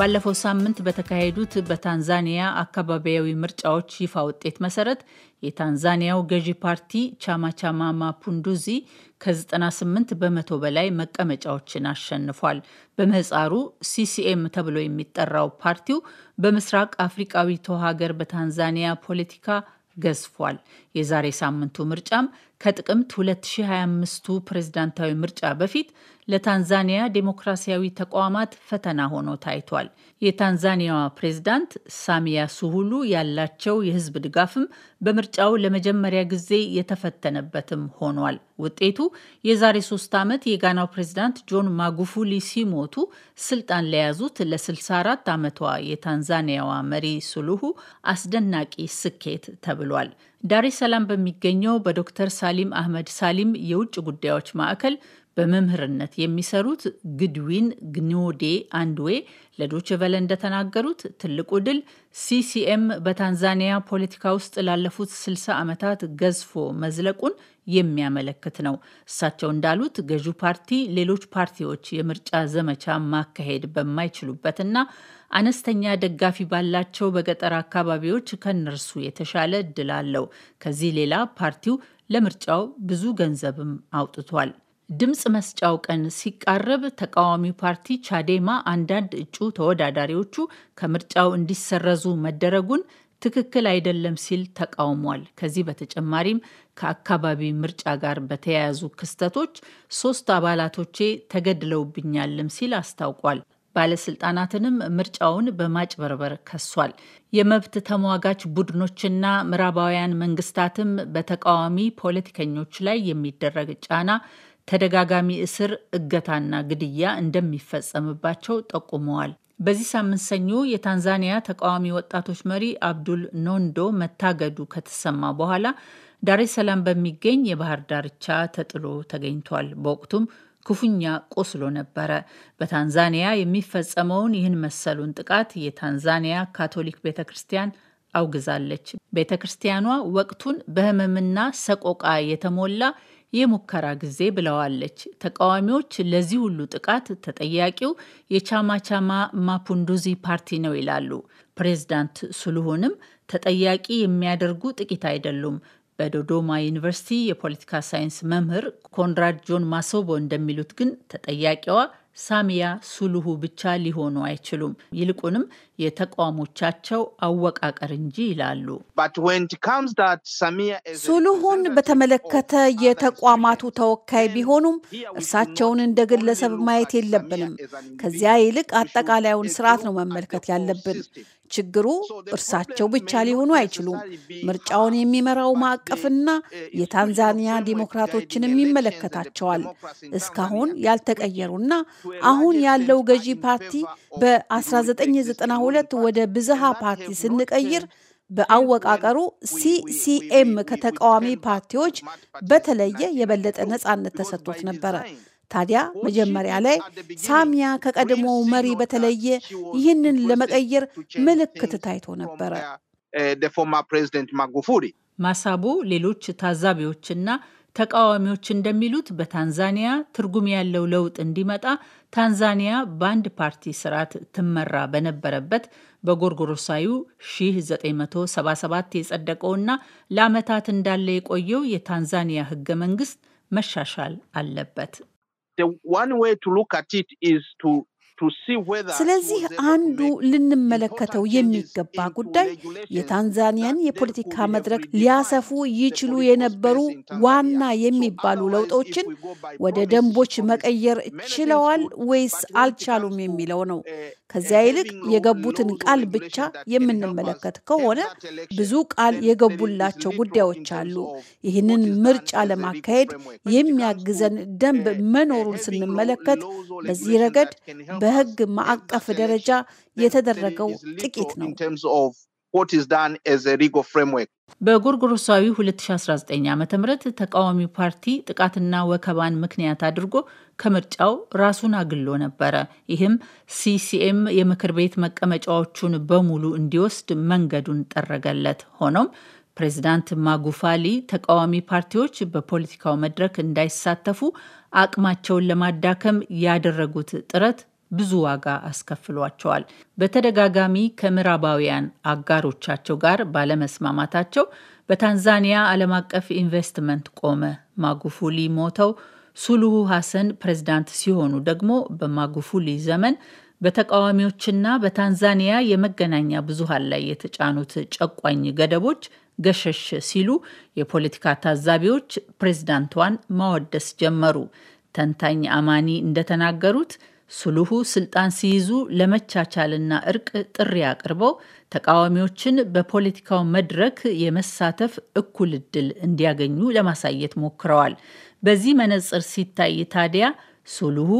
ባለፈው ሳምንት በተካሄዱት በታንዛኒያ አካባቢያዊ ምርጫዎች ይፋ ውጤት መሰረት የታንዛኒያው ገዢ ፓርቲ ቻማቻማ ማፑንዱዚ ከ98 በመቶ በላይ መቀመጫዎችን አሸንፏል። በምህፃሩ ሲሲኤም ተብሎ የሚጠራው ፓርቲው በምስራቅ አፍሪቃዊቷ ሀገር በታንዛኒያ ፖለቲካ ገዝፏል። የዛሬ ሳምንቱ ምርጫም ከጥቅምት 2025ቱ ፕሬዝዳንታዊ ምርጫ በፊት ለታንዛኒያ ዴሞክራሲያዊ ተቋማት ፈተና ሆኖ ታይቷል። የታንዛኒያዋ ፕሬዝዳንት ሳሚያ ሱሉሁ ያላቸው የሕዝብ ድጋፍም በምርጫው ለመጀመሪያ ጊዜ የተፈተነበትም ሆኗል። ውጤቱ የዛሬ ሶስት ዓመት የጋናው ፕሬዝዳንት ጆን ማጉፉሊ ሲሞቱ ስልጣን ለያዙት ለ64 ዓመቷ የታንዛኒያዋ መሪ ሱሉሁ አስደናቂ ስኬት ተብሏል። ዳሬ ሰላም በሚገኘው በዶክተር ሳሊም አህመድ ሳሊም የውጭ ጉዳዮች ማዕከል በመምህርነት የሚሰሩት ግድዊን ግኖዴ አንድዌ ለዶችቨለ እንደተናገሩት ትልቁ ድል ሲሲኤም በታንዛኒያ ፖለቲካ ውስጥ ላለፉት 60 ዓመታት ገዝፎ መዝለቁን የሚያመለክት ነው። እሳቸው እንዳሉት ገዢው ፓርቲ ሌሎች ፓርቲዎች የምርጫ ዘመቻ ማካሄድ በማይችሉበትና አነስተኛ ደጋፊ ባላቸው በገጠር አካባቢዎች ከነርሱ የተሻለ እድል አለው። ከዚህ ሌላ ፓርቲው ለምርጫው ብዙ ገንዘብም አውጥቷል። ድምፅ መስጫው ቀን ሲቃረብ ተቃዋሚው ፓርቲ ቻዴማ አንዳንድ እጩ ተወዳዳሪዎቹ ከምርጫው እንዲሰረዙ መደረጉን ትክክል አይደለም ሲል ተቃውሟል። ከዚህ በተጨማሪም ከአካባቢ ምርጫ ጋር በተያያዙ ክስተቶች ሶስት አባላቶቼ ተገድለውብኛልም ሲል አስታውቋል። ባለስልጣናትንም ምርጫውን በማጭበርበር ከሷል። የመብት ተሟጋች ቡድኖችና ምዕራባውያን መንግስታትም በተቃዋሚ ፖለቲከኞች ላይ የሚደረግ ጫና ተደጋጋሚ እስር፣ እገታና ግድያ እንደሚፈጸምባቸው ጠቁመዋል። በዚህ ሳምንት ሰኞ የታንዛኒያ ተቃዋሚ ወጣቶች መሪ አብዱል ኖንዶ መታገዱ ከተሰማ በኋላ ዳሬ ሰላም በሚገኝ የባህር ዳርቻ ተጥሎ ተገኝቷል። በወቅቱም ክፉኛ ቆስሎ ነበረ። በታንዛኒያ የሚፈጸመውን ይህን መሰሉን ጥቃት የታንዛኒያ ካቶሊክ ቤተ ክርስቲያን አውግዛለች። ቤተ ክርስቲያኗ ወቅቱን በህመምና ሰቆቃ የተሞላ የሙከራ ጊዜ ብለዋለች። ተቃዋሚዎች ለዚህ ሁሉ ጥቃት ተጠያቂው የቻማቻማ ማፑንዱዚ ፓርቲ ነው ይላሉ። ፕሬዝዳንት ሱሉሁንም ተጠያቂ የሚያደርጉ ጥቂት አይደሉም። በዶዶማ ዩኒቨርሲቲ የፖለቲካ ሳይንስ መምህር ኮንራድ ጆን ማሶቦ እንደሚሉት ግን ተጠያቂዋ ሳሚያ ሱሉሁ ብቻ ሊሆኑ አይችሉም፣ ይልቁንም የተቋሞቻቸው አወቃቀር እንጂ ይላሉ። ሱሉሁን በተመለከተ የተቋማቱ ተወካይ ቢሆኑም እርሳቸውን እንደ ግለሰብ ማየት የለብንም። ከዚያ ይልቅ አጠቃላዩን ስርዓት ነው መመልከት ያለብን። ችግሩ እርሳቸው ብቻ ሊሆኑ አይችሉም። ምርጫውን የሚመራው ማዕቀፍና uh, የታንዛኒያ ዲሞክራቶችንም ይመለከታቸዋል። እስካሁን ያልተቀየሩና አሁን ያለው ገዢ ፓርቲ በ1992 ወደ ብዝሃ ፓርቲ ስንቀይር በአወቃቀሩ ሲሲኤም ከተቃዋሚ ፓርቲዎች በተለየ የበለጠ ነፃነት ተሰጥቶት ነበረ። ታዲያ መጀመሪያ ላይ ሳሚያ ከቀድሞ መሪ በተለየ ይህንን ለመቀየር ምልክት ታይቶ ነበረ። ማሳቡ ሌሎች ታዛቢዎችና ተቃዋሚዎች እንደሚሉት በታንዛኒያ ትርጉም ያለው ለውጥ እንዲመጣ ታንዛኒያ በአንድ ፓርቲ ስርዓት ትመራ በነበረበት በጎርጎሮሳዩ 1977 የጸደቀውና ለዓመታት እንዳለ የቆየው የታንዛኒያ ህገ መንግስት መሻሻል አለበት። ስለዚህ አንዱ ልንመለከተው የሚገባ ጉዳይ የታንዛኒያን የፖለቲካ መድረክ ሊያሰፉ ይችሉ የነበሩ ዋና የሚባሉ ለውጦችን ወደ ደንቦች መቀየር ችለዋል ወይስ አልቻሉም የሚለው ነው። uh, ከዚያ uh, ይልቅ የገቡትን ቃል ብቻ የምንመለከት ከሆነ ብዙ ቃል የገቡላቸው ጉዳዮች አሉ። ይህንን ምርጫ ለማካሄድ የሚያግዘን ደንብ uh, መኖሩን ስንመለከት በዚህ ረገድ በ በህግ ማዕቀፍ ደረጃ የተደረገው ጥቂት ነው። በጎርጎሮሳዊ 2019 ዓ ም ተቃዋሚ ፓርቲ ጥቃትና ወከባን ምክንያት አድርጎ ከምርጫው ራሱን አግሎ ነበረ። ይህም ሲሲኤም የምክር ቤት መቀመጫዎቹን በሙሉ እንዲወስድ መንገዱን ጠረገለት። ሆኖም ፕሬዚዳንት ማጉፋሊ ተቃዋሚ ፓርቲዎች በፖለቲካው መድረክ እንዳይሳተፉ አቅማቸውን ለማዳከም ያደረጉት ጥረት ብዙ ዋጋ አስከፍሏቸዋል። በተደጋጋሚ ከምዕራባውያን አጋሮቻቸው ጋር ባለመስማማታቸው በታንዛኒያ ዓለም አቀፍ ኢንቨስትመንት ቆመ። ማጉፉሊ ሞተው ሱሉሁ ሐሰን ፕሬዝዳንት ሲሆኑ ደግሞ በማጉፉሊ ዘመን በተቃዋሚዎችና በታንዛኒያ የመገናኛ ብዙሃን ላይ የተጫኑት ጨቋኝ ገደቦች ገሸሽ ሲሉ የፖለቲካ ታዛቢዎች ፕሬዝዳንቷን ማወደስ ጀመሩ። ተንታኝ አማኒ እንደተናገሩት ስሉሁ ስልጣን ሲይዙ ለመቻቻልና እርቅ ጥሪ አቅርበው ተቃዋሚዎችን በፖለቲካው መድረክ የመሳተፍ እኩል እድል እንዲያገኙ ለማሳየት ሞክረዋል። በዚህ መነጽር ሲታይ ታዲያ ሱሉሁ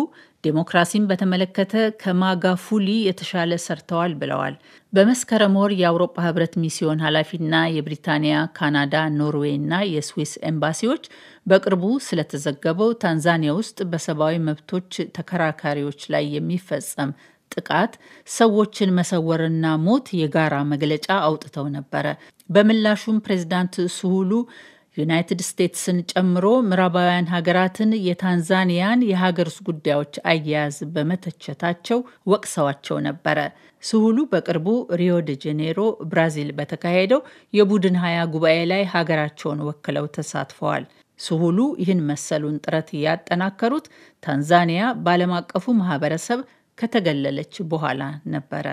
ዴሞክራሲን በተመለከተ ከማጋ ፉሊ የተሻለ ሰርተዋል ብለዋል። በመስከረም ወር የአውሮፓ ህብረት ሚስዮን ኃላፊና የብሪታንያ፣ ካናዳ፣ ኖርዌይ እና የስዊስ ኤምባሲዎች በቅርቡ ስለተዘገበው ታንዛኒያ ውስጥ በሰብአዊ መብቶች ተከራካሪዎች ላይ የሚፈጸም ጥቃት ሰዎችን መሰወርና ሞት የጋራ መግለጫ አውጥተው ነበረ። በምላሹም ፕሬዚዳንት ስሁሉ ዩናይትድ ስቴትስን ጨምሮ ምዕራባውያን ሀገራትን የታንዛኒያን የሀገር ውስጥ ጉዳዮች አያያዝ በመተቸታቸው ወቅሰዋቸው ነበረ። ስሁሉ በቅርቡ ሪዮ ደ ጄኔሮ ብራዚል በተካሄደው የቡድን ሀያ ጉባኤ ላይ ሀገራቸውን ወክለው ተሳትፈዋል። ስሁሉ ይህን መሰሉን ጥረት ያጠናከሩት ታንዛኒያ በዓለም አቀፉ ማህበረሰብ ከተገለለች በኋላ ነበረ።